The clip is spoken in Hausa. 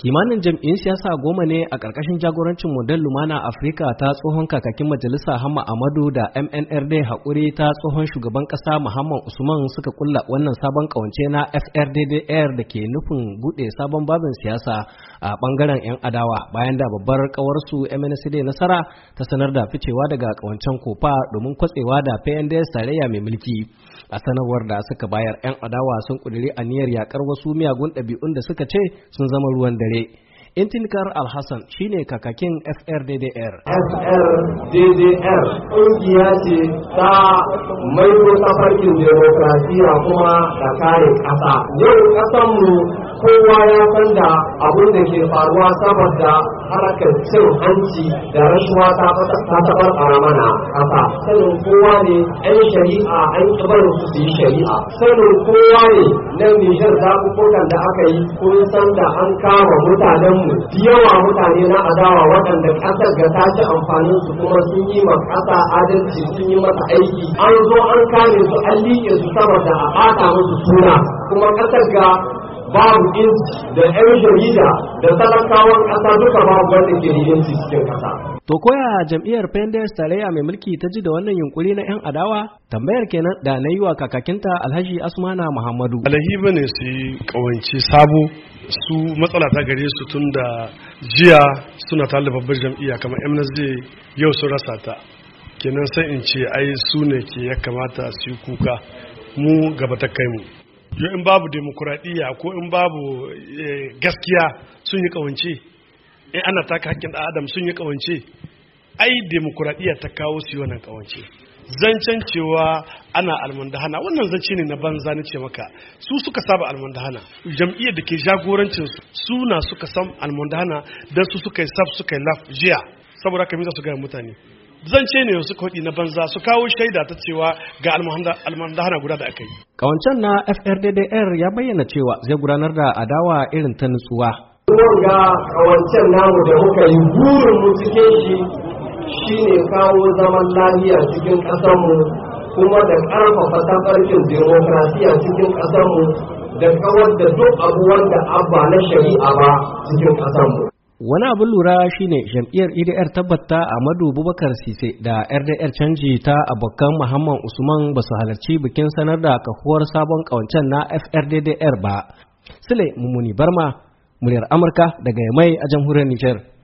kimanin jam'in siyasa goma ne a ƙarƙashin jagorancin model lumana afirka ta tsohon kakakin majalisa hamma amadu da mnrd haƙuri ta tsohon shugaban ƙasa muhammad usman suka kulla wannan sabon ƙawance na frddr da ke nufin buɗe sabon babin siyasa a ɓangaren 'yan adawa bayan da babbar ƙawarsu mnsd nasara ta sanar da ficewa daga ƙawancen kofa domin kwatsewa da pnds tarayya mai mulki a sanarwar da suka bayar 'yan adawa sun ƙudiri aniyar yakar wasu miyagun ɗabi'un da suka ce sun zama ruwan dare dare intinkar alhassan shine kakakin frddr frddr ƙungiya ce ta maido tafarkin demokrasiya kuma da kare ƙasa yau ƙasanmu kowa ya san da abin da ke faruwa saboda harakar cin hanci da rashuwa ta tabar a mana ƙasa, sanin kowa ne yan shari'a an kibar su yi shari'a sanin kowa ne na nijar zaɓuɓɓukan da aka yi kun san da an kama mutanenmu yawa mutane na adawa waɗanda ƙasar ga ta ci amfanin su kuma sun yi ma adalci sun yi mata aiki an zo an kame su an liƙe su saboda a ɓata musu suna kuma ƙasar ga babu inci da yan jarida da talakawan ƙasa duka babu wanda ke yi inci cikin ƙasa. To koya jam'iyyar Pendes tarayya mai mulki ta ji da wannan yunkuri na 'yan adawa? Tambayar kenan da na yi wa kakakinta Alhaji Asmana Muhammadu. Alhaji ba ne su yi ƙawance sabo su matsala ta gare su tun da jiya suna tare babbar jam'iyya kamar MNSD yau sun rasa ta. Kenan sai in ce ai su ne ke ya kamata su yi kuka mu gaba ta kai mu. yo in babu demokuraɗiyya ko in babu eh, gaskiya sun yi ƙawance in ana taka hakkin ɗan adam sun yi ƙawance ai demokuraɗiyya ta kawo su yi wannan ƙawance zancen cewa ana almundahana wannan zance ne na banza na ce maka su suka saba almundahana jam'iyyar da ke jagorancin suna suka san almundahana don su suka yi sab suka yi laf jiya saboda haka misa su gaya mutane Zan ce ne wasu kwaɗi na banza su kawo shaida ta cewa ga hana guda da aka yi. Kawancan na FRDDR ya bayyana cewa zai gudanar da adawa irin ta nutsuwa. ga kawancan namu da muka yi burin mu cikin shi ne kawo zaman lafiya cikin ƙasarmu kuma da ƙarfafa tafarkin demokrasiya cikin ƙasarmu da kawar da duk abubuwan da abba na shari'a ba cikin ƙasarmu. wani abin lura shine jam'iyyar idr e tabbata madu bubakar sise da rdr canji ta abokan muhammad usman ba su halarci bikin sanar da kahuwar sabon kawancen na frddr ba sule mummuni barma muryar amurka daga mai a jamhuriyar nijar